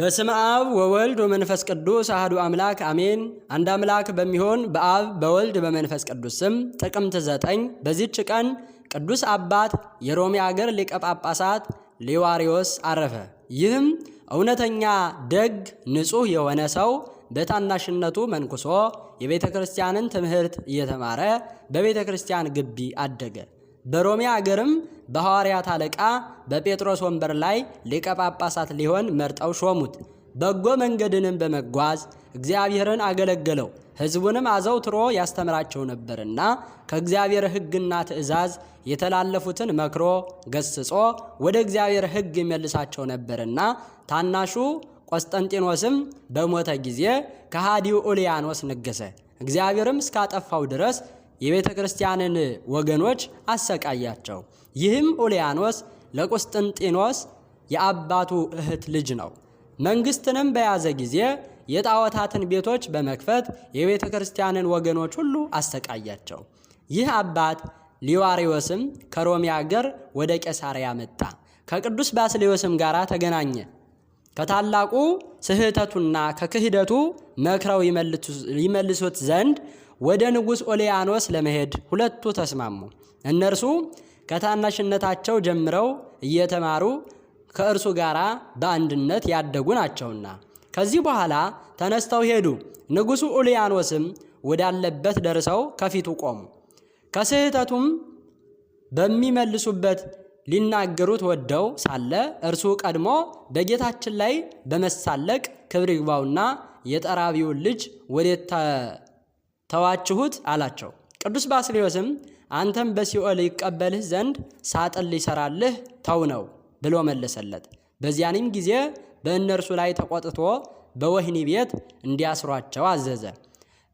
በስም አብ ወወልድ ወመንፈስ ቅዱስ አህዱ አምላክ አሜን። አንድ አምላክ በሚሆን በአብ በወልድ በመንፈስ ቅዱስ ስም ጥቅምት ዘጠኝ በዚች ቀን ቅዱስ አባት የሮሜ አገር ሊቀ ጳጳሳት ሊዋሪዎስ አረፈ። ይህም እውነተኛ ደግ ንጹሕ የሆነ ሰው በታናሽነቱ መንኩሶ የቤተ ክርስቲያንን ትምህርት እየተማረ በቤተ ክርስቲያን ግቢ አደገ። በሮሜ አገርም በሐዋርያት አለቃ በጴጥሮስ ወንበር ላይ ሊቀ ጳጳሳት ሊሆን መርጠው ሾሙት። በጎ መንገድንም በመጓዝ እግዚአብሔርን አገለገለው። ሕዝቡንም አዘውትሮ ያስተምራቸው ነበርና ከእግዚአብሔር ሕግና ትእዛዝ የተላለፉትን መክሮ ገስጾ ወደ እግዚአብሔር ሕግ ይመልሳቸው ነበርና ታናሹ ቆስጠንጢኖስም በሞተ ጊዜ ከሃዲው ኡልያኖስ ነገሰ። እግዚአብሔርም እስካጠፋው ድረስ የቤተ ክርስቲያንን ወገኖች አሰቃያቸው። ይህም ኡልያኖስ ለቁስጥንጢኖስ የአባቱ እህት ልጅ ነው። መንግሥትንም በያዘ ጊዜ የጣዖታትን ቤቶች በመክፈት የቤተ ክርስቲያንን ወገኖች ሁሉ አሰቃያቸው። ይህ አባት ሊዋሪዎስም ከሮሚ አገር ወደ ቄሳርያ መጣ። ከቅዱስ ባስሌዎስም ጋር ተገናኘ። ከታላቁ ስህተቱና ከክህደቱ መክረው ይመልሱት ዘንድ ወደ ንጉሥ ኦሊያኖስ ለመሄድ ሁለቱ ተስማሙ። እነርሱ ከታናሽነታቸው ጀምረው እየተማሩ ከእርሱ ጋር በአንድነት ያደጉ ናቸውና። ከዚህ በኋላ ተነስተው ሄዱ። ንጉሡ ኡልያኖስም ወዳለበት ደርሰው ከፊቱ ቆሙ። ከስህተቱም በሚመልሱበት ሊናገሩት ወደው ሳለ እርሱ ቀድሞ በጌታችን ላይ በመሳለቅ ክብር ይግባውና የጠራቢውን ልጅ ወዴት ተዋችሁት አላቸው። ቅዱስ ባስልዮስም አንተም በሲኦል ይቀበልህ ዘንድ ሳጥን ሊሰራልህ ተው ነው ብሎ መለሰለት። በዚያንም ጊዜ በእነርሱ ላይ ተቆጥቶ በወህኒ ቤት እንዲያስሯቸው አዘዘ።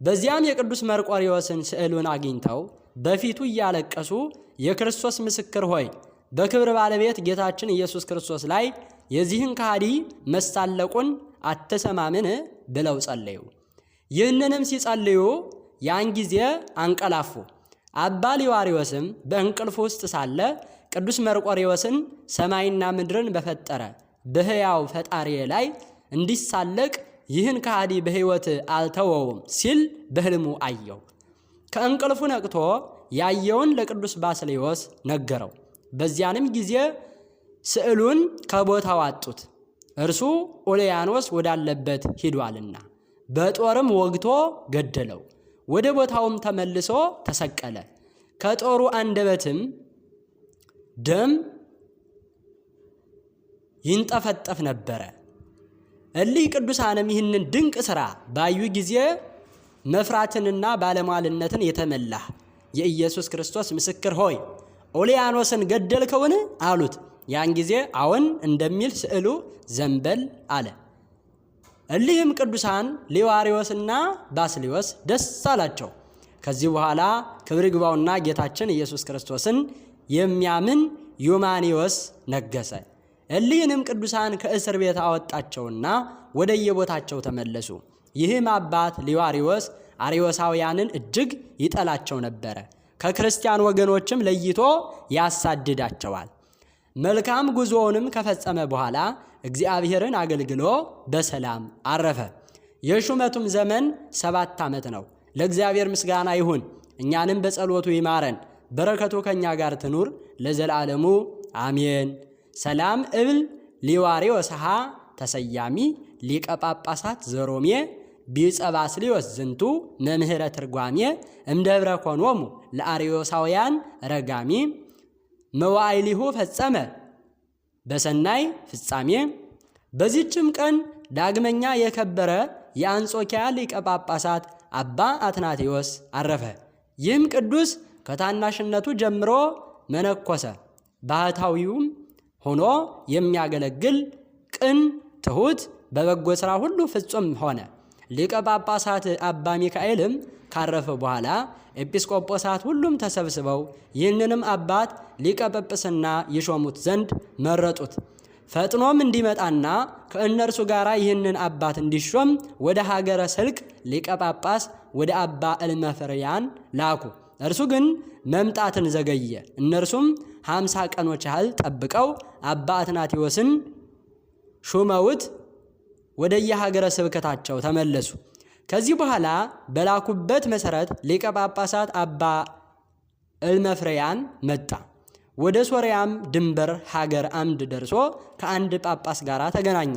በዚያም የቅዱስ መርቆሪዎስን ስዕሉን አግኝተው በፊቱ እያለቀሱ የክርስቶስ ምስክር ሆይ በክብር ባለቤት ጌታችን ኢየሱስ ክርስቶስ ላይ የዚህን ከሃዲ መሳለቁን አትሰማምን ብለው ጸለዩ። ይህንንም ሲጸልዩ ያን ጊዜ አንቀላፉ። አባ ሊዋሪዎስም በእንቅልፍ ውስጥ ሳለ ቅዱስ መርቆሬዎስን ሰማይና ምድርን በፈጠረ በሕያው ፈጣሪ ላይ እንዲሳለቅ ይህን ከሃዲ በሕይወት አልተወውም ሲል በሕልሙ አየው። ከእንቅልፉ ነቅቶ ያየውን ለቅዱስ ባስልዮስ ነገረው። በዚያንም ጊዜ ስዕሉን ከቦታው አጡት፣ እርሱ ኦሊያኖስ ወዳለበት ሂዷልና በጦርም ወግቶ ገደለው። ወደ ቦታውም ተመልሶ ተሰቀለ። ከጦሩ አንደበትም ደም ይንጠፈጠፍ ነበረ። እሊህ ቅዱሳንም ይህንን ድንቅ ሥራ ባዩ ጊዜ መፍራትንና ባለሟልነትን የተመላህ የኢየሱስ ክርስቶስ ምስክር ሆይ ኦሊያኖስን ገደልከውን? አሉት። ያን ጊዜ አዎን እንደሚል ስዕሉ ዘንበል አለ። እሊህም ቅዱሳን ሊዋሪዎስና ባስሊዮስ ደስ አላቸው። ከዚህ በኋላ ክብር ግባውና ጌታችን ኢየሱስ ክርስቶስን የሚያምን ዮማኒዎስ ነገሰ። እሊህንም ቅዱሳን ከእስር ቤት አወጣቸውና ወደየቦታቸው ተመለሱ። ይህም አባት ሊዋሪዎስ አሪዮሳውያንን እጅግ ይጠላቸው ነበረ። ከክርስቲያን ወገኖችም ለይቶ ያሳድዳቸዋል። መልካም ጉዞውንም ከፈጸመ በኋላ እግዚአብሔርን አገልግሎ በሰላም አረፈ። የሹመቱም ዘመን ሰባት ዓመት ነው። ለእግዚአብሔር ምስጋና ይሁን፣ እኛንም በጸሎቱ ይማረን፣ በረከቱ ከእኛ ጋር ትኑር ለዘላለሙ አሜን። ሰላም እብል ሊዋሪ ወሰሃ ተሰያሚ ሊቀጳጳሳት ዘሮሜ ቢጸባስልዮስ ዝንቱ መምህረ ትርጓሜ እምደብረ ኮኖሙ ለአርዮሳውያን ረጋሚ መዋይሊሁ ፈጸመ በሰናይ ፍጻሜ በዚችም ቀን ዳግመኛ የከበረ የአንጾኪያ ሊቀ ጳጳሳት አባ አትናቴዎስ አረፈ። ይህም ቅዱስ ከታናሽነቱ ጀምሮ መነኮሰ። ባህታዊውም ሆኖ የሚያገለግል ቅን፣ ትሑት፣ በበጎ ሥራ ሁሉ ፍጹም ሆነ። ሊቀ ጳጳሳት አባ ሚካኤልም ካረፈ በኋላ ኤጲስቆጶሳት ሁሉም ተሰብስበው ይህንንም አባት ሊቀ ጵጵስና ይሾሙት ዘንድ መረጡት። ፈጥኖም እንዲመጣና ከእነርሱ ጋር ይህንን አባት እንዲሾም ወደ ሀገረ ስልክ ሊቀ ጳጳስ ወደ አባ እልመፍርያን ላኩ። እርሱ ግን መምጣትን ዘገየ። እነርሱም ሀምሳ ቀኖች ያህል ጠብቀው አባ አትናቴዎስን ሹመውት ወደየሀገረ ስብከታቸው ተመለሱ። ከዚህ በኋላ በላኩበት መሰረት ሊቀ ጳጳሳት አባ እልመፍሬያን መጣ። ወደ ሶርያም ድንበር ሀገር አምድ ደርሶ ከአንድ ጳጳስ ጋር ተገናኘ።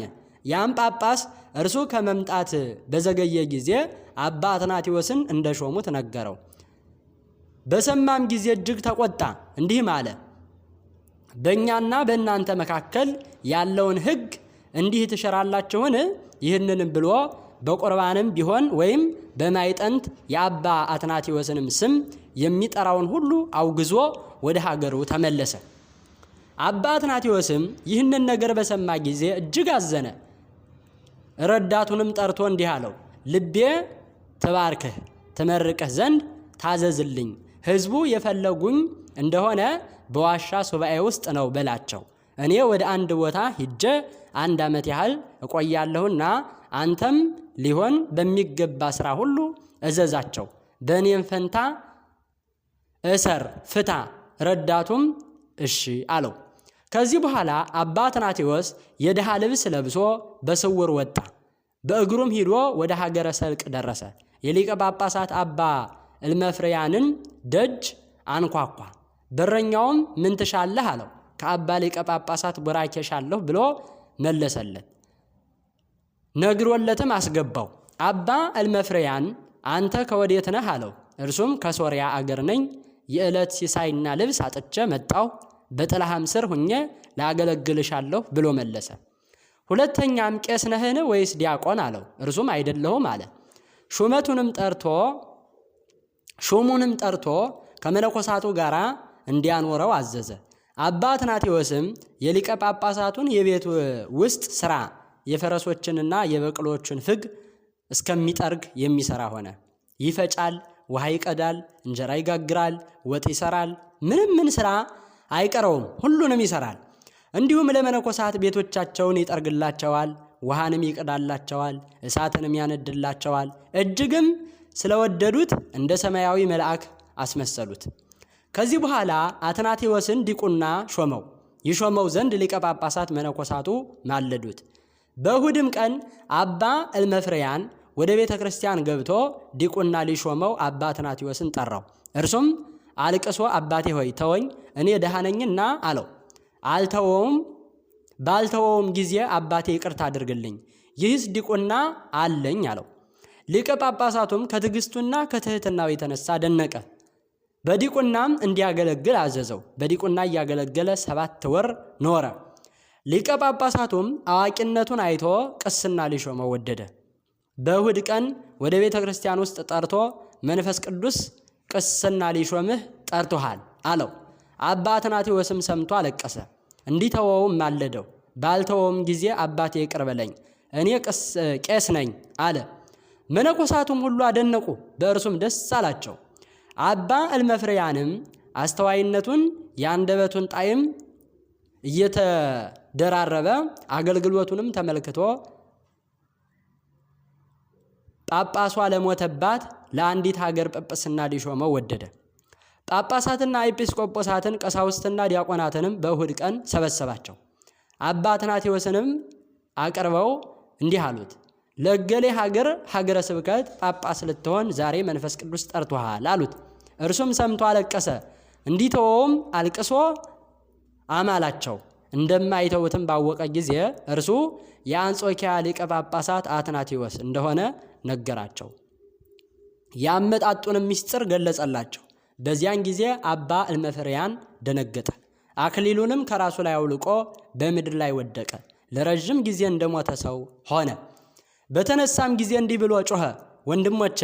ያም ጳጳስ እርሱ ከመምጣት በዘገየ ጊዜ አባ አትናቴዎስን እንደ ነገረው። በሰማም ጊዜ እጅግ ተቆጣ፣ እንዲህም አለ በእኛና በእናንተ መካከል ያለውን ሕግ እንዲህ ትሸራላችሁን? ይህንንም ብሎ በቁርባንም ቢሆን ወይም በማይጠንት የአባ አትናቴዎስንም ስም የሚጠራውን ሁሉ አውግዞ ወደ ሀገሩ ተመለሰ። አባ አትናቴዎስም ይህንን ነገር በሰማ ጊዜ እጅግ አዘነ። ረዳቱንም ጠርቶ እንዲህ አለው፣ ልቤ ትባርክህ ትመርቅህ ዘንድ ታዘዝልኝ። ሕዝቡ የፈለጉኝ እንደሆነ በዋሻ ሱባኤ ውስጥ ነው በላቸው እኔ ወደ አንድ ቦታ ሂጄ አንድ ዓመት ያህል እቆያለሁና አንተም ሊሆን በሚገባ ሥራ ሁሉ እዘዛቸው፣ በእኔም ፈንታ እሰር፣ ፍታ። ረዳቱም እሺ አለው። ከዚህ በኋላ አባ ትናቴዎስ የድሃ ልብስ ለብሶ በስውር ወጣ። በእግሩም ሂዶ ወደ ሀገረ ሰልቅ ደረሰ። የሊቀ ጳጳሳት አባ እልመፍሪያንን ደጅ አንኳኳ። በረኛውም ምን ትሻለህ አለው። ከአባ ሊቀ ጳጳሳት ቡራኬ ሻለሁ ብሎ መለሰለት። ነግሮለትም አስገባው። አባ እልመፍሬያን አንተ ከወዴት ነህ አለው። እርሱም ከሶርያ አገር ነኝ፣ የዕለት ሲሳይና ልብስ አጥቼ መጣሁ፣ በጥላሃም ስር ሁኜ ላገለግልሻለሁ ብሎ መለሰ። ሁለተኛም ቄስ ነህን ወይስ ዲያቆን አለው። እርሱም አይደለሁም አለ። ሹመቱንም ጠርቶ ሹሙንም ጠርቶ ከመነኮሳቱ ጋር እንዲያኖረው አዘዘ። አባ ትናቴዎስም የሊቀ ጳጳሳቱን የቤት ውስጥ ስራ የፈረሶችንና የበቅሎችን ፍግ እስከሚጠርግ የሚሰራ ሆነ። ይፈጫል፣ ውሃ ይቀዳል፣ እንጀራ ይጋግራል፣ ወጥ ይሰራል ምንም ምን ስራ አይቀረውም፣ ሁሉንም ይሰራል እንዲሁም ለመነኮሳት ቤቶቻቸውን ይጠርግላቸዋል፣ ውሃንም ይቀዳላቸዋል፣ እሳትንም ያነድላቸዋል። እጅግም ስለወደዱት እንደ ሰማያዊ መልአክ አስመሰሉት። ከዚህ በኋላ አትናቴዎስን ዲቁና ሾመው። ይሾመው ዘንድ ሊቀ ጳጳሳት መነኮሳቱ ማለዱት። በእሁድም ቀን አባ እልመፍሬያን ወደ ቤተ ክርስቲያን ገብቶ ዲቁና ሊሾመው አባ አትናቴዎስን ጠራው። እርሱም አልቅሶ አባቴ ሆይ ተወኝ፣ እኔ ደሃ ነኝና አለው። አልተወውም። ባልተወውም ጊዜ አባቴ ይቅርታ አድርግልኝ፣ ይህስ ዲቁና አለኝ አለው። ሊቀ ጳጳሳቱም ከትዕግስቱና ከትሕትናው የተነሳ ደነቀ። በዲቁናም እንዲያገለግል አዘዘው። በዲቁና እያገለገለ ሰባት ወር ኖረ። ሊቀ ጳጳሳቱም አዋቂነቱን አይቶ ቅስና ሊሾመው ወደደ። በእሁድ ቀን ወደ ቤተ ክርስቲያን ውስጥ ጠርቶ መንፈስ ቅዱስ ቅስና ሊሾምህ ጠርቶሃል አለው። አባ አትናቴዎስም ሰምቶ አለቀሰ። እንዲተወውም ማለደው። ባልተወውም ጊዜ አባቴ ይቅር በለኝ እኔ ቄስ ነኝ አለ። መነኮሳቱም ሁሉ አደነቁ፣ በእርሱም ደስ አላቸው። አባ እልመፍሬያንም አስተዋይነቱን የአንደበቱን ጣዕም እየተደራረበ አገልግሎቱንም ተመልክቶ ጳጳሷ ለሞተባት ለአንዲት ሀገር ጵጵስና ሊሾመው ወደደ። ጳጳሳትና ኤጲስቆጶሳትን ቀሳውስትና ዲያቆናትንም በእሁድ ቀን ሰበሰባቸው። አባ ቴዎስንም አቅርበው እንዲህ አሉት። ለገሌ ሀገር ሀገረ ስብከት ጳጳስ ልትሆን ዛሬ መንፈስ ቅዱስ ጠርቶሃል አሉት። እርሱም ሰምቶ አለቀሰ። እንዲተወውም አልቅሶ አማላቸው። እንደማይተውትም ባወቀ ጊዜ እርሱ የአንጾኪያ ሊቀ ጳጳሳት አትናቴዎስ እንደሆነ ነገራቸው። የአመጣጡንም ምስጢር ገለጸላቸው። በዚያን ጊዜ አባ እልመፍሪያን ደነገጠ። አክሊሉንም ከራሱ ላይ አውልቆ በምድር ላይ ወደቀ። ለረዥም ጊዜ እንደሞተ ሰው ሆነ። በተነሳም ጊዜ እንዲህ ብሎ ጮኸ፣ ወንድሞቼ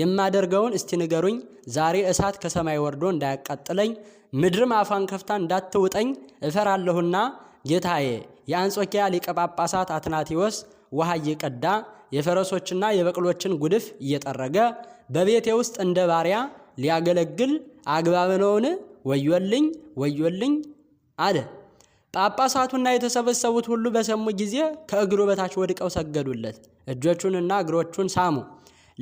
የማደርገውን እስቲ ንገሩኝ። ዛሬ እሳት ከሰማይ ወርዶ እንዳያቃጥለኝ፣ ምድርም አፏን ከፍታ እንዳትውጠኝ እፈራለሁና ጌታዬ። የአንጾኪያ ሊቀ ጳጳሳት አትናቴዎስ ውሃ እየቀዳ የፈረሶችና የበቅሎችን ጉድፍ እየጠረገ በቤቴ ውስጥ እንደ ባሪያ ሊያገለግል አግባብ ነውን? ወዮልኝ ወዮልኝ አለ። ጳጳሳቱና የተሰበሰቡት ሁሉ በሰሙ ጊዜ ከእግሩ በታች ወድቀው ሰገዱለት፣ እጆቹንና እግሮቹን ሳሙ።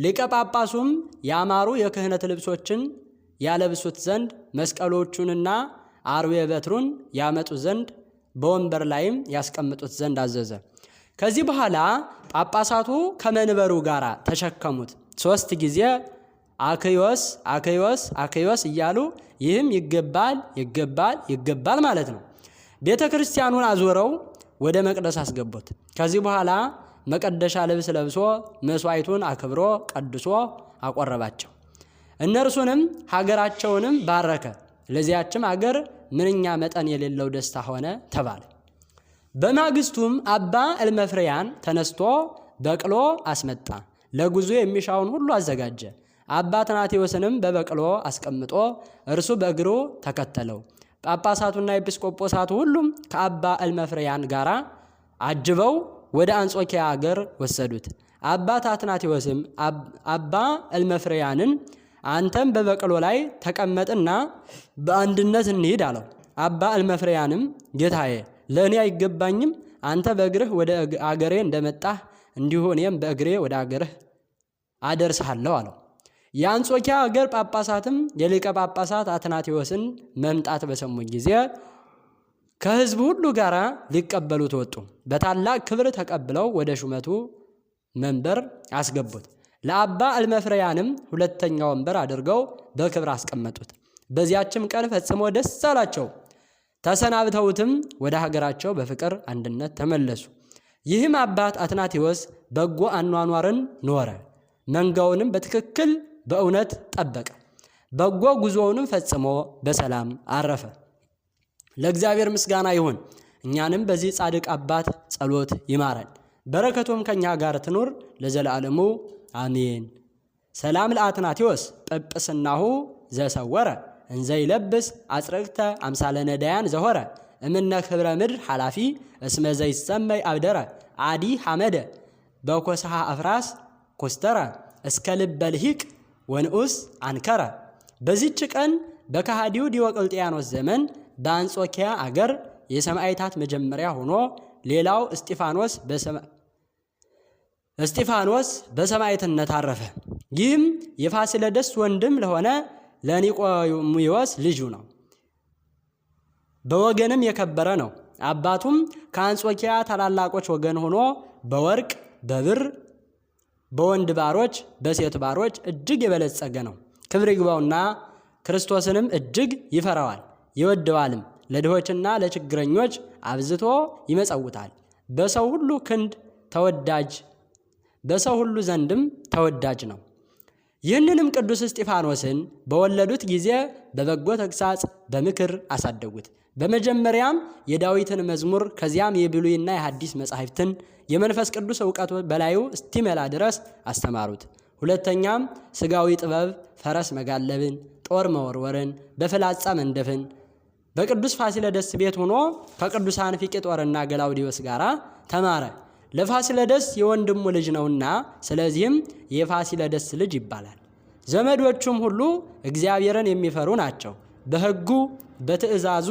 ሊቀ ጳጳሱም ያማሩ የክህነት ልብሶችን ያለብሱት ዘንድ መስቀሎቹንና አርዌ በትሩን ያመጡ ዘንድ በወንበር ላይም ያስቀምጡት ዘንድ አዘዘ። ከዚህ በኋላ ጳጳሳቱ ከመንበሩ ጋር ተሸከሙት። ሶስት ጊዜ አክዮስ አክዮስ አክዮስ እያሉ ይህም ይገባል ይገባል ይገባል ማለት ነው። ቤተ ክርስቲያኑን አዞረው ወደ መቅደስ አስገቡት። ከዚህ በኋላ መቀደሻ ልብስ ለብሶ መስዋይቱን አክብሮ ቀድሶ አቆረባቸው። እነርሱንም ሀገራቸውንም ባረከ። ለዚያችም አገር ምንኛ መጠን የሌለው ደስታ ሆነ ተባለ። በማግስቱም አባ እልመፍሬያን ተነስቶ በቅሎ አስመጣ፣ ለጉዞ የሚሻውን ሁሉ አዘጋጀ። አባ ትናቴዎስንም በበቅሎ አስቀምጦ እርሱ በእግሩ ተከተለው። ጳጳሳቱና ኤጲስቆጶሳቱ ሁሉም ከአባ እልመፍሬያን ጋር አጅበው ወደ አንጾኪያ አገር ወሰዱት። አባት አትናቴዎስም አባ እልመፍሬያንን አንተም በበቅሎ ላይ ተቀመጥና በአንድነት እንሂድ አለው። አባ እልመፍሬያንም ጌታዬ፣ ለእኔ አይገባኝም። አንተ በእግርህ ወደ አገሬ እንደመጣህ እንዲሁ እኔም በእግሬ ወደ አገርህ አደርስሃለሁ አለው። የአንጾኪያ አገር ጳጳሳትም የሊቀ ጳጳሳት አትናቴዎስን መምጣት በሰሙ ጊዜ ከህዝቡ ሁሉ ጋር ሊቀበሉት ወጡ። በታላቅ ክብር ተቀብለው ወደ ሹመቱ መንበር አስገቡት። ለአባ እልመፍሪያንም ሁለተኛ ወንበር አድርገው በክብር አስቀመጡት። በዚያችም ቀን ፈጽሞ ደስ አላቸው። ተሰናብተውትም ወደ ሀገራቸው በፍቅር አንድነት ተመለሱ። ይህም አባት አትናቴዎስ በጎ አኗኗርን ኖረ። መንጋውንም በትክክል በእውነት ጠበቀ። በጎ ጉዞውንም ፈጽሞ በሰላም አረፈ። ለእግዚአብሔር ምስጋና ይሁን። እኛንም በዚህ ጻድቅ አባት ጸሎት ይማረን፣ በረከቱም ከእኛ ጋር ትኑር ለዘላለሙ አሜን። ሰላም ለአትናቴዎስ ጵጵስናሁ ዘሰወረ እንዘ ይለብስ አጽርቅተ አምሳለ ነዳያን ዘሆረ እምነ ክብረ ምድር ኃላፊ እስመ ዘይሰመይ አብደረ አዲ ሐመደ በኮስሃ አፍራስ ኮስተረ እስከ ልበ ልሂቅ ወንዑስ አንከረ። በዚች ቀን በከሃዲው ዲዮቅልጥያኖስ ዘመን በአንጾኪያ አገር የሰማዕታት መጀመሪያ ሆኖ ሌላው እስጢፋኖስ እስጢፋኖስ በሰማዕትነት አረፈ። ይህም የፋሲለደስ ወንድም ለሆነ ለኒቆሚዎስ ልጁ ነው። በወገንም የከበረ ነው። አባቱም ከአንጾኪያ ታላላቆች ወገን ሆኖ በወርቅ በብር በወንድ ባሮች በሴት ባሮች እጅግ የበለጸገ ነው። ክብር ይግባውና ክርስቶስንም እጅግ ይፈራዋል። ይወደዋልም፣ ለድሆችና ለችግረኞች አብዝቶ ይመጸውታል። በሰው ሁሉ ክንድ ተወዳጅ በሰው ሁሉ ዘንድም ተወዳጅ ነው። ይህንንም ቅዱስ እስጢፋኖስን በወለዱት ጊዜ በበጎ ተግሳጽ በምክር አሳደጉት። በመጀመሪያም የዳዊትን መዝሙር ከዚያም የብሉይና የሐዲስ መጻሕፍትን የመንፈስ ቅዱስ እውቀት በላዩ እስቲመላ ድረስ አስተማሩት። ሁለተኛም ስጋዊ ጥበብ፣ ፈረስ መጋለብን፣ ጦር መወርወርን፣ በፍላጻ መንደፍን በቅዱስ ፋሲለደስ ቤት ሆኖ ከቅዱሳን ፊቄጦርና ገላውዲዮስ ጋር ተማረ። ለፋሲለደስ የወንድሙ ልጅ ነውና ስለዚህም የፋሲለደስ ልጅ ይባላል። ዘመዶቹም ሁሉ እግዚአብሔርን የሚፈሩ ናቸው። በሕጉ በትእዛዙ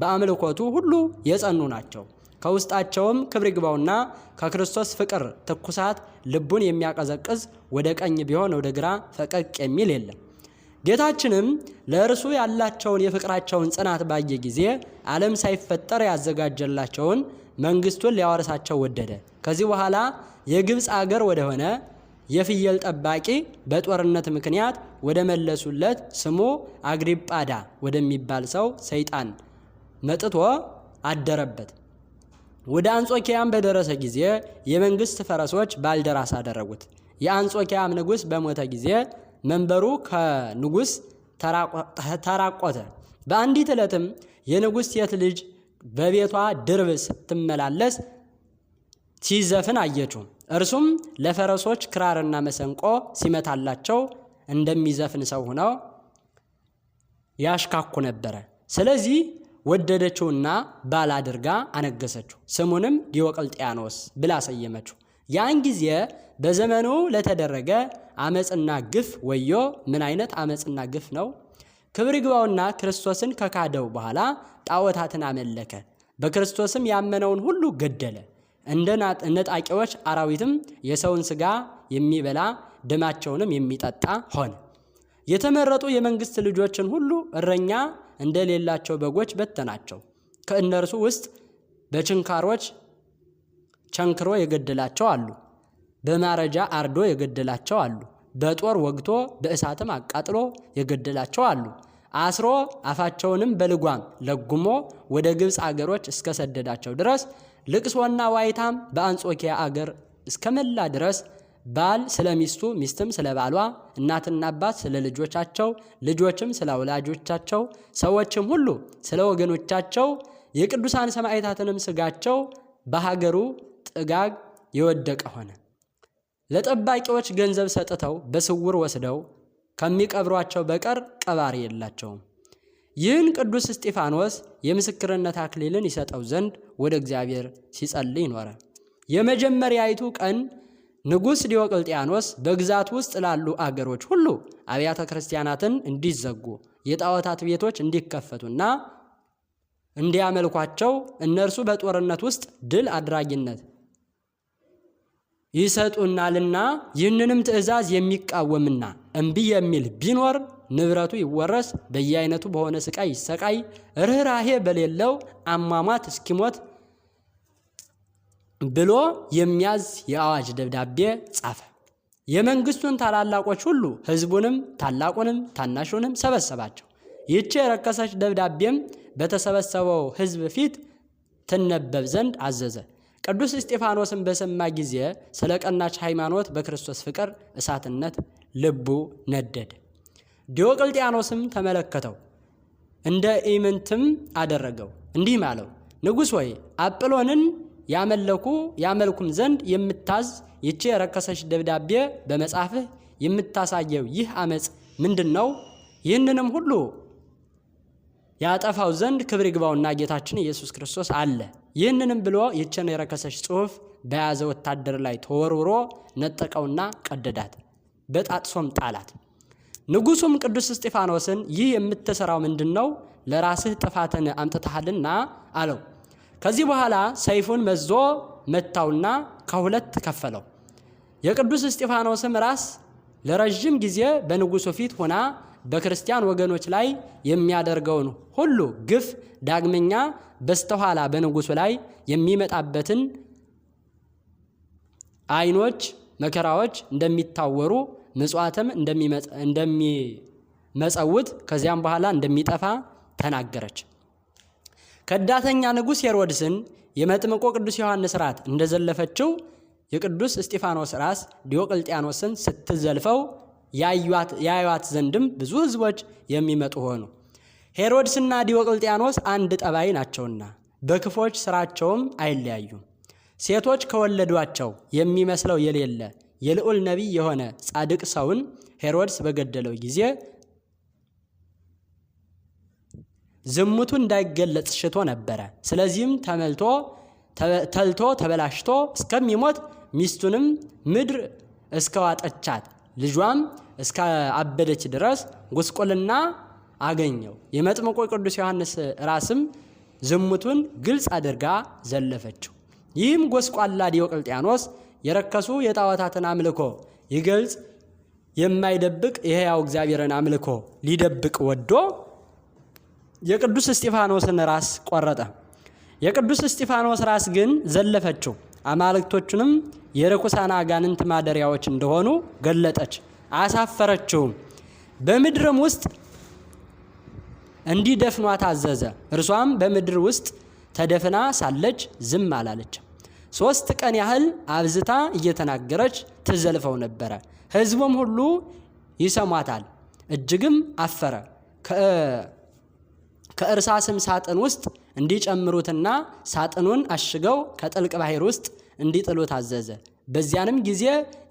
በአምልኮቱ ሁሉ የጸኑ ናቸው። ከውስጣቸውም ክብር ይግባውና ከክርስቶስ ፍቅር ትኩሳት ልቡን የሚያቀዘቅዝ ወደ ቀኝ ቢሆን ወደ ግራ ፈቀቅ የሚል የለም። ጌታችንም ለእርሱ ያላቸውን የፍቅራቸውን ጽናት ባየ ጊዜ ዓለም ሳይፈጠር ያዘጋጀላቸውን መንግስቱን ሊያወርሳቸው ወደደ። ከዚህ በኋላ የግብፅ አገር ወደሆነ የፍየል ጠባቂ በጦርነት ምክንያት ወደ መለሱለት ስሙ አግሪጳዳ ወደሚባል ሰው ሰይጣን መጥቶ አደረበት። ወደ አንጾኪያም በደረሰ ጊዜ የመንግስት ፈረሶች ባልደራስ አደረጉት። የአንጾኪያም ንጉሥ በሞተ ጊዜ መንበሩ ከንጉሥ ተራቆተ። በአንዲት ዕለትም የንጉሥ ሴት ልጅ በቤቷ ድርብ ስትመላለስ ሲዘፍን አየችው። እርሱም ለፈረሶች ክራርና መሰንቆ ሲመታላቸው እንደሚዘፍን ሰው ሆነው ያሽካኩ ነበረ። ስለዚህ ወደደችውና ባል አድርጋ አነገሰችው። ስሙንም ዲዮቅልጥያኖስ ብላ ሰየመችው። ያን ጊዜ በዘመኑ ለተደረገ አመፅና ግፍ ወዮ! ምን አይነት አመፅና ግፍ ነው! ክብር ይግባውና ክርስቶስን ከካደው በኋላ ጣዖታትን አመለከ፣ በክርስቶስም ያመነውን ሁሉ ገደለ። እንደ ነጣቂዎች አራዊትም የሰውን ስጋ የሚበላ ደማቸውንም የሚጠጣ ሆነ። የተመረጡ የመንግስት ልጆችን ሁሉ እረኛ እንደሌላቸው በጎች በተናቸው። ከእነርሱ ውስጥ በችንካሮች ቸንክሮ የገደላቸው አሉ። በማረጃ አርዶ የገደላቸው አሉ። በጦር ወግቶ በእሳትም አቃጥሎ የገደላቸው አሉ። አስሮ አፋቸውንም በልጓም ለጉሞ ወደ ግብፅ አገሮች እስከሰደዳቸው ድረስ ልቅሶና ዋይታም በአንጾኪያ አገር እስከመላ ድረስ ባል ስለ ሚስቱ፣ ሚስትም ስለ ባሏ፣ እናትና አባት ስለ ልጆቻቸው፣ ልጆችም ስለ ወላጆቻቸው፣ ሰዎችም ሁሉ ስለ ወገኖቻቸው የቅዱሳን ሰማዕታትንም ስጋቸው በሀገሩ ጥጋግ የወደቀ ሆነ። ለጠባቂዎች ገንዘብ ሰጥተው በስውር ወስደው ከሚቀብሯቸው በቀር ቀባሪ የላቸውም። ይህን ቅዱስ እስጢፋኖስ የምስክርነት አክሊልን ይሰጠው ዘንድ ወደ እግዚአብሔር ሲጸልይ ኖረ። የመጀመሪያይቱ ቀን ንጉሥ ዲዮቅልጥያኖስ በግዛት ውስጥ ላሉ አገሮች ሁሉ አብያተ ክርስቲያናትን እንዲዘጉ የጣዖታት ቤቶች እንዲከፈቱና እንዲያመልኳቸው እነርሱ በጦርነት ውስጥ ድል አድራጊነት ይሰጡናልና ይህንንም ትእዛዝ የሚቃወምና እምቢ የሚል ቢኖር ንብረቱ ይወረስ፣ በየአይነቱ በሆነ ስቃይ ይሰቃይ፣ ርኅራሄ በሌለው አሟሟት እስኪሞት ብሎ የሚያዝ የአዋጅ ደብዳቤ ጻፈ። የመንግስቱን ታላላቆች ሁሉ ህዝቡንም ታላቁንም ታናሹንም ሰበሰባቸው። ይቺ የረከሰች ደብዳቤም በተሰበሰበው ህዝብ ፊት ትነበብ ዘንድ አዘዘ። ቅዱስ እስጢፋኖስን በሰማ ጊዜ ስለ ቀናች ሃይማኖት በክርስቶስ ፍቅር እሳትነት ልቡ ነደደ። ዲዮቅልጥያኖስም ተመለከተው፣ እንደ ኢምንትም አደረገው። እንዲህም አለው፣ ንጉሥ ወይ አጵሎንን ያመለኩ ያመልኩም ዘንድ የምታዝ ይቺ የረከሰች ደብዳቤ በመጽሐፍህ የምታሳየው ይህ አመፅ ምንድን ነው? ይህንንም ሁሉ ያጠፋው ዘንድ ክብር ይግባውና ጌታችን ኢየሱስ ክርስቶስ አለ። ይህንንም ብሎ ይችን የረከሰች ጽሑፍ በያዘ ወታደር ላይ ተወርውሮ ነጠቀውና ቀደዳት፣ በጣጥሶም ጣላት። ንጉሱም ቅዱስ እስጢፋኖስን ይህ የምትሰራው ምንድን ነው? ለራስህ ጥፋትን አምጥተሃልና አለው። ከዚህ በኋላ ሰይፉን መዞ መታውና ከሁለት ከፈለው። የቅዱስ እስጢፋኖስም ራስ ለረዥም ጊዜ በንጉሱ ፊት ሆና በክርስቲያን ወገኖች ላይ የሚያደርገውን ሁሉ ግፍ ዳግመኛ በስተኋላ በንጉሱ ላይ የሚመጣበትን አይኖች መከራዎች እንደሚታወሩ ምጽዋትም እንደሚመጸውት ከዚያም በኋላ እንደሚጠፋ ተናገረች። ከዳተኛ ንጉሥ ሄሮድስን የመጥምቆ ቅዱስ ዮሐንስ ራት እንደዘለፈችው የቅዱስ እስጢፋኖስ ራስ ዲዮቅልጥያኖስን ስትዘልፈው ያዩዋት ዘንድም ብዙ ህዝቦች የሚመጡ ሆኑ። ሄሮድስና ዲዮቅልጥያኖስ አንድ ጠባይ ናቸውና በክፎች ስራቸውም አይለያዩም። ሴቶች ከወለዷቸው የሚመስለው የሌለ የልዑል ነቢይ የሆነ ጻድቅ ሰውን ሄሮድስ በገደለው ጊዜ ዝሙቱ እንዳይገለጽ ሽቶ ነበረ። ስለዚህም ተመልቶ ተልቶ ተበላሽቶ እስከሚሞት ሚስቱንም ምድር እስከዋጠቻት ልጇም እስከ አበደች ድረስ ጉስቁልና አገኘው። የመጥምቁ ቅዱስ ዮሐንስ ራስም ዝሙቱን ግልጽ አድርጋ ዘለፈችው። ይህም ጎስቋላ ዲዮቅልጥያኖስ የረከሱ የጣዖታትን አምልኮ ይገልጽ የማይደብቅ የሕያው እግዚአብሔርን አምልኮ ሊደብቅ ወዶ የቅዱስ እስጢፋኖስን ራስ ቆረጠ። የቅዱስ እስጢፋኖስ ራስ ግን ዘለፈችው። አማልክቶቹንም የርኩሳን አጋንንት ማደሪያዎች እንደሆኑ ገለጠች፣ አሳፈረችውም። በምድርም ውስጥ እንዲደፍኗት አዘዘ። እርሷም በምድር ውስጥ ተደፍና ሳለች ዝም አላለችም። ሶስት ቀን ያህል አብዝታ እየተናገረች ትዘልፈው ነበረ። ህዝቡም ሁሉ ይሰሟታል፣ እጅግም አፈረ። ከእርሳስም ሳጥን ውስጥ እንዲጨምሩትና ሳጥኑን አሽገው ከጥልቅ ባሕር ውስጥ እንዲጥሉት አዘዘ። በዚያንም ጊዜ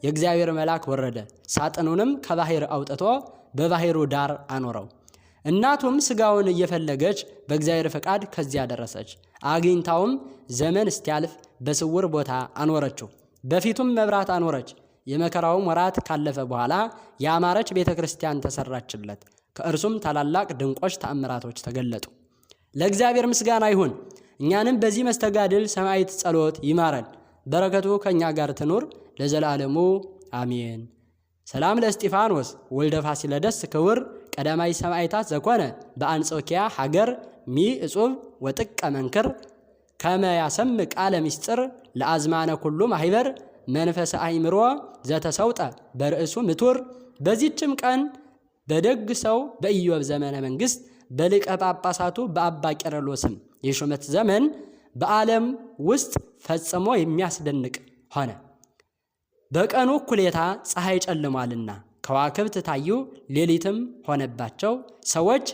የእግዚአብሔር መልአክ ወረደ፣ ሳጥኑንም ከባሕር አውጥቶ በባሕሩ ዳር አኖረው። እናቱም ሥጋውን እየፈለገች በእግዚአብሔር ፈቃድ ከዚያ ደረሰች። አግኝታውም ዘመን እስቲያልፍ በስውር ቦታ አኖረችው። በፊቱም መብራት አኖረች። የመከራውም ወራት ካለፈ በኋላ የአማረች ቤተ ክርስቲያን ተሰራችለት። ከእርሱም ታላላቅ ድንቆች ተአምራቶች ተገለጡ። ለእግዚአብሔር ምስጋና ይሁን። እኛንም በዚህ መስተጋድል ሰማዕት ጸሎት ይማረን። በረከቱ ከእኛ ጋር ትኑር ለዘላለሙ አሜን። ሰላም ለእስጢፋኖስ ወልደ ፋሲለደስ ክቡር ቀዳማይ ሰማዕታት ዘኮነ በአንጾኪያ ሀገር ሚ እጹብ ወጥቀ መንክር ያሰም ቃለ ምስጢር ለአዝማነ ኩሉ ማህበር መንፈሰ አይምሮ ዘተሰውጠ በርእሱ ምቱር በዚህችም ቀን በደግ ሰው በኢዮብ ዘመነ መንግስት በሊቀ ጳጳሳቱ በአባ ቄርሎስም የሹመት ዘመን በዓለም ውስጥ ፈጽሞ የሚያስደንቅ ሆነ። በቀኑ እኩሌታ ፀሐይ ጨልሟልና ከዋክብት ታዩ፣ ሌሊትም ሆነባቸው። ሰዎች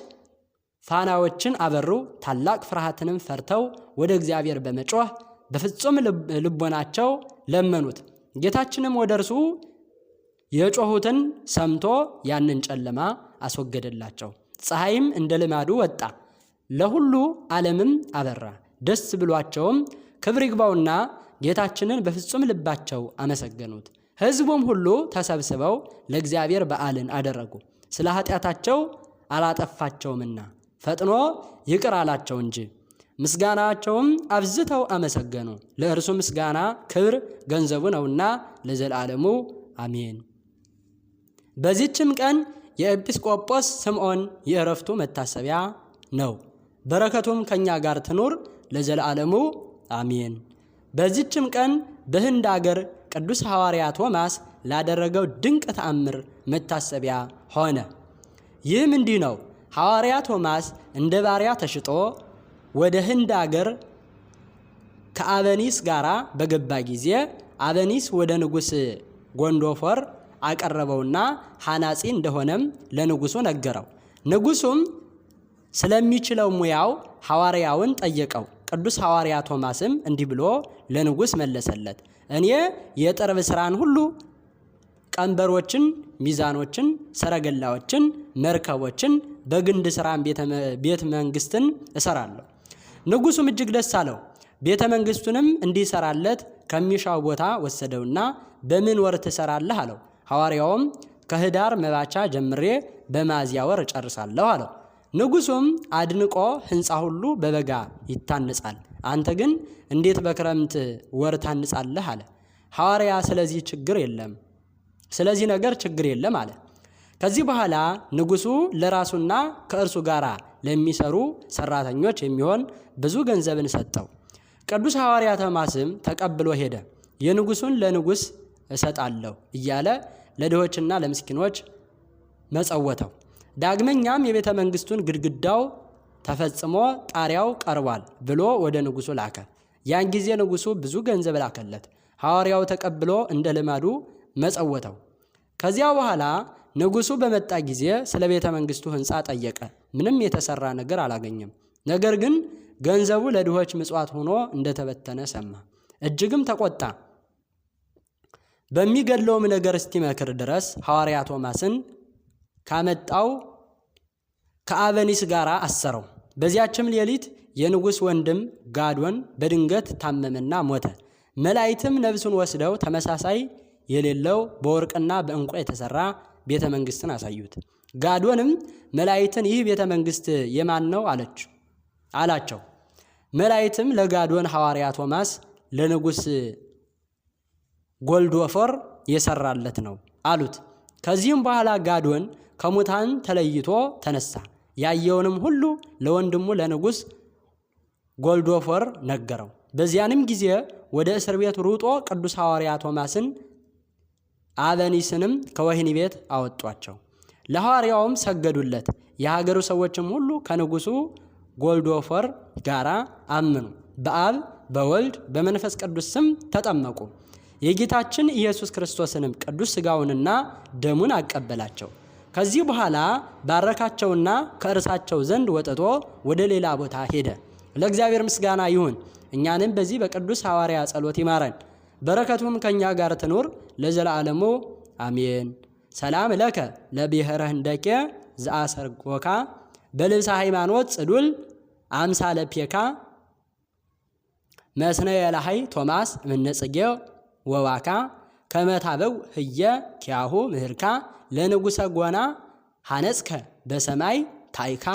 ፋናዎችን አበሩ፣ ታላቅ ፍርሃትንም ፈርተው ወደ እግዚአብሔር በመጮህ በፍጹም ልቦናቸው ለመኑት። ጌታችንም ወደ እርሱ የጮሁትን ሰምቶ ያንን ጨለማ አስወገደላቸው። ፀሐይም እንደ ልማዱ ወጣ፣ ለሁሉ ዓለምም አበራ። ደስ ብሏቸውም ክብር ይግባውና ጌታችንን በፍጹም ልባቸው አመሰገኑት። ሕዝቡም ሁሉ ተሰብስበው ለእግዚአብሔር በዓልን አደረጉ፣ ስለ ኃጢአታቸው አላጠፋቸውምና ፈጥኖ ይቅር አላቸው እንጂ። ምስጋናቸውም አብዝተው አመሰገኑ። ለእርሱ ምስጋና ክብር ገንዘቡ ነውና ለዘላለሙ አሜን። በዚችም ቀን የኤጲስቆጶስ ስምዖን የእረፍቱ መታሰቢያ ነው። በረከቱም ከእኛ ጋር ትኑር ለዘላለሙ አሜን። በዚችም ቀን በህንድ አገር ቅዱስ ሐዋርያ ቶማስ ላደረገው ድንቅ ተአምር መታሰቢያ ሆነ። ይህም እንዲህ ነው። ሐዋርያ ቶማስ እንደ ባሪያ ተሽጦ ወደ ህንድ አገር ከአበኒስ ጋር በገባ ጊዜ አበኒስ ወደ ንጉሥ ጎንዶፎር አቀረበውና ሐናጺ እንደሆነም ለንጉሱ ነገረው። ንጉሱም ስለሚችለው ሙያው ሐዋርያውን ጠየቀው። ቅዱስ ሐዋርያ ቶማስም እንዲህ ብሎ ለንጉስ መለሰለት፣ እኔ የጥርብ ስራን ሁሉ ቀንበሮችን፣ ሚዛኖችን፣ ሰረገላዎችን፣ መርከቦችን፣ በግንድ ስራን ቤተ መንግስትን እሰራለሁ። ንጉሱም እጅግ ደስ አለው። ቤተ መንግስቱንም እንዲሰራለት ከሚሻው ቦታ ወሰደውና በምን ወር ትሰራለህ አለው። ሐዋርያውም ከህዳር መባቻ ጀምሬ በማዚያ ወር እጨርሳለሁ አለው። ንጉሱም አድንቆ ሕንፃ ሁሉ በበጋ ይታነጻል፣ አንተ ግን እንዴት በክረምት ወር ታንጻለህ? አለ። ሐዋርያ ስለዚህ ችግር የለም ስለዚህ ነገር ችግር የለም አለ። ከዚህ በኋላ ንጉሱ ለራሱና ከእርሱ ጋር ለሚሰሩ ሰራተኞች የሚሆን ብዙ ገንዘብን ሰጠው። ቅዱስ ሐዋርያ ተማስም ተቀብሎ ሄደ። የንጉሱን ለንጉስ እሰጣለሁ እያለ ለድሆችና ለምስኪኖች መጸወተው። ዳግመኛም የቤተ መንግስቱን ግድግዳው ተፈጽሞ ጣሪያው ቀርቧል ብሎ ወደ ንጉሱ ላከ። ያን ጊዜ ንጉሱ ብዙ ገንዘብ ላከለት። ሐዋርያው ተቀብሎ እንደ ልማዱ መጸወተው። ከዚያ በኋላ ንጉሱ በመጣ ጊዜ ስለ ቤተ መንግስቱ ህንፃ ጠየቀ። ምንም የተሰራ ነገር አላገኘም። ነገር ግን ገንዘቡ ለድሆች ምጽዋት ሆኖ እንደተበተነ ሰማ። እጅግም ተቆጣ። በሚገድለውም ነገር እስቲመክር ድረስ ሐዋርያ ቶማስን ካመጣው ከአበኒስ ጋር አሰረው። በዚያችም ሌሊት የንጉሥ ወንድም ጋዶን በድንገት ታመመና ሞተ። መላይትም ነፍሱን ወስደው ተመሳሳይ የሌለው በወርቅና በእንቁ የተሰራ ቤተ መንግሥትን አሳዩት። ጋዶንም መላይትን ይህ ቤተ መንግሥት የማን ነው አለች አላቸው። መላይትም ለጋዶን ሐዋርያ ቶማስ ለንጉሥ ጎልድ ወፈር የሰራለት ነው አሉት። ከዚህም በኋላ ጋድወን ከሙታን ተለይቶ ተነሳ። ያየውንም ሁሉ ለወንድሙ ለንጉሥ ወፈር ነገረው። በዚያንም ጊዜ ወደ እስር ቤት ሩጦ ቅዱስ ሐዋርያ ቶማስን አበኒስንም ከወህኒ ቤት አወጧቸው። ለሐዋርያውም ሰገዱለት። የሀገሩ ሰዎችም ሁሉ ከንጉሡ ጎልዶፈር ጋር አመኑ። በአብ በወልድ በመንፈስ ቅዱስ ስም ተጠመቁ። የጌታችን ኢየሱስ ክርስቶስንም ቅዱስ ሥጋውንና ደሙን አቀበላቸው። ከዚህ በኋላ ባረካቸውና ከእርሳቸው ዘንድ ወጥቶ ወደ ሌላ ቦታ ሄደ። ለእግዚአብሔር ምስጋና ይሁን። እኛንም በዚህ በቅዱስ ሐዋርያ ጸሎት ይማረን፣ በረከቱም ከእኛ ጋር ትኑር ለዘላለሙ አሜን። ሰላም ለከ ለብሔረ ህንደኬ ዘአሰርጎካ በልብሰ ሃይማኖት ጽዱል አምሳለ ፔካ መስነ የላሃይ ቶማስ እምነጽጌው ወዋካ ከመታበው ህየ ኪያሁ ምህርካ ለንጉሰ ጎና ሐነጽከ በሰማይ ታይካ።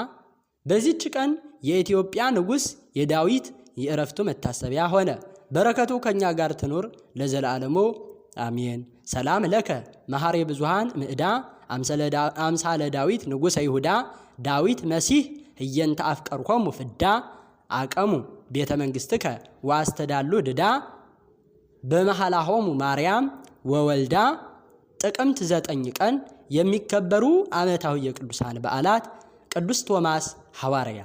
በዚች ቀን የኢትዮጵያ ንጉሥ የዳዊት የእረፍቱ መታሰቢያ ሆነ። በረከቱ ከእኛ ጋር ትኑር ለዘላለሙ አሜን። ሰላም ለከ መሐሬ ብዙሃን ምዕዳ አምሳለ ዳዊት ንጉሠ ይሁዳ ዳዊት መሲህ እየንተ አፍቀርኮሙ ፍዳ አቀሙ ቤተ መንግሥትከ ዋስተዳሉ ድዳ በመሐላሆሙ ማርያም ወወልዳ ጥቅምት ዘጠኝ ቀን የሚከበሩ ዓመታዊ የቅዱሳን በዓላት ቅዱስ ቶማስ ሐዋርያ፣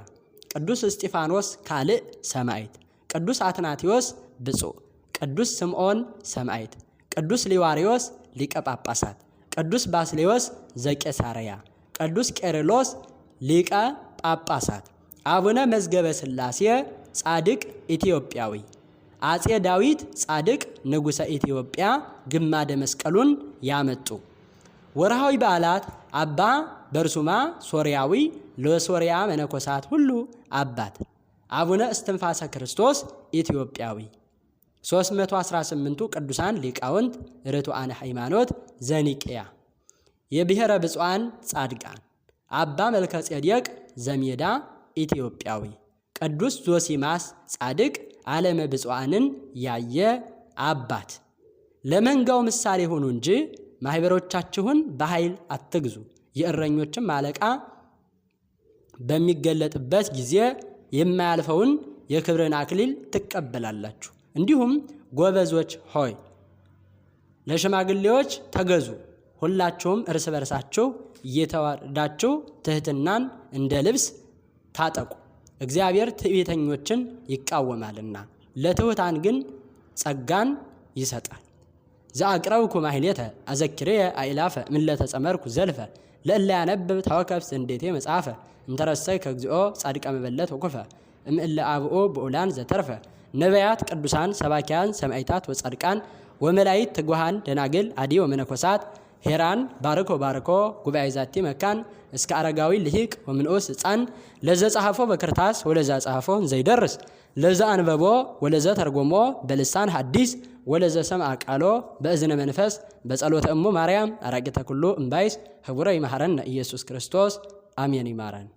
ቅዱስ እስጢፋኖስ ካልእ ሰማዕት፣ ቅዱስ አትናቴዎስ ብፁዕ፣ ቅዱስ ስምዖን ሰማዕት፣ ቅዱስ ሊዋሪዮስ ሊቀ ጳጳሳት፣ ቅዱስ ባስሌዎስ ዘቄሳርያ፣ ቅዱስ ቄርሎስ ሊቀ ጳጳሳት፣ አቡነ መዝገበ ሥላሴ ጻድቅ ኢትዮጵያዊ አጼ ዳዊት ጻድቅ ንጉሠ ኢትዮጵያ ግማደ መስቀሉን ያመጡ። ወርሃዊ በዓላት አባ በርሱማ ሶርያዊ ለሶርያ መነኮሳት ሁሉ አባት፣ አቡነ እስትንፋሰ ክርስቶስ ኢትዮጵያዊ፣ 318ቱ ቅዱሳን ሊቃውንት ርቱዓነ ሃይማኖት ዘኒቅያ፣ የብሔረ ብፁዓን ጻድቃን፣ አባ መልከ ጼዴቅ ዘሜዳ ኢትዮጵያዊ፣ ቅዱስ ዞሲማስ ጻድቅ ዓለመ ብፁዓንን ያየ አባት ለመንጋው ምሳሌ ሆኑ እንጂ ማኅበሮቻችሁን በኃይል አትግዙ። የእረኞችም አለቃ በሚገለጥበት ጊዜ የማያልፈውን የክብርን አክሊል ትቀበላላችሁ። እንዲሁም ጎበዞች ሆይ ለሽማግሌዎች ተገዙ። ሁላችሁም እርስ በርሳችሁ እየተዋረዳችሁ ትህትናን እንደ ልብስ ታጠቁ። እግዚአብሔር ትዕቢተኞችን ይቃወማልና ለትሑታን ግን ጸጋን ይሰጣል። ዘአቅረብኩ ማሕሌተ አዘኪሬየ አይላፈ ምለተ ጸመርኩ ዘልፈ ለእለ ያነብብ ታወከፍ እንዴቴ መጽሐፈ እንተረሰይ ከእግዚኦ ጻድቀ መበለት ወኩፈ እምእለ አብኦ ብኡላን ዘተርፈ ነቢያት፣ ቅዱሳን፣ ሰባኪያን፣ ሰማይታት ወጻድቃን ወመላይት፣ ትጉሃን፣ ደናግል፣ አዲ ወመነኮሳት ሄራን ባርኮ ባርኮ ጉባኤ ዛቲ መካን እስከ አረጋዊ ልሂቅ ወምንኡስ ህፃን ለዘ ጸሐፎ በክርታስ ወለዛ ጸሐፎ ዘይደርስ ለዘ አንበቦ ወለዘ ተርጎሞ በልሳን ሐዲስ ወለዘ ሰምዐ ቃሎ በእዝነ መንፈስ በጸሎተ እሙ ማርያም አራቂተ ኩሉ እምባይስ ህቡረ ይማረን ኢየሱስ ክርስቶስ አሜን። ይማረን።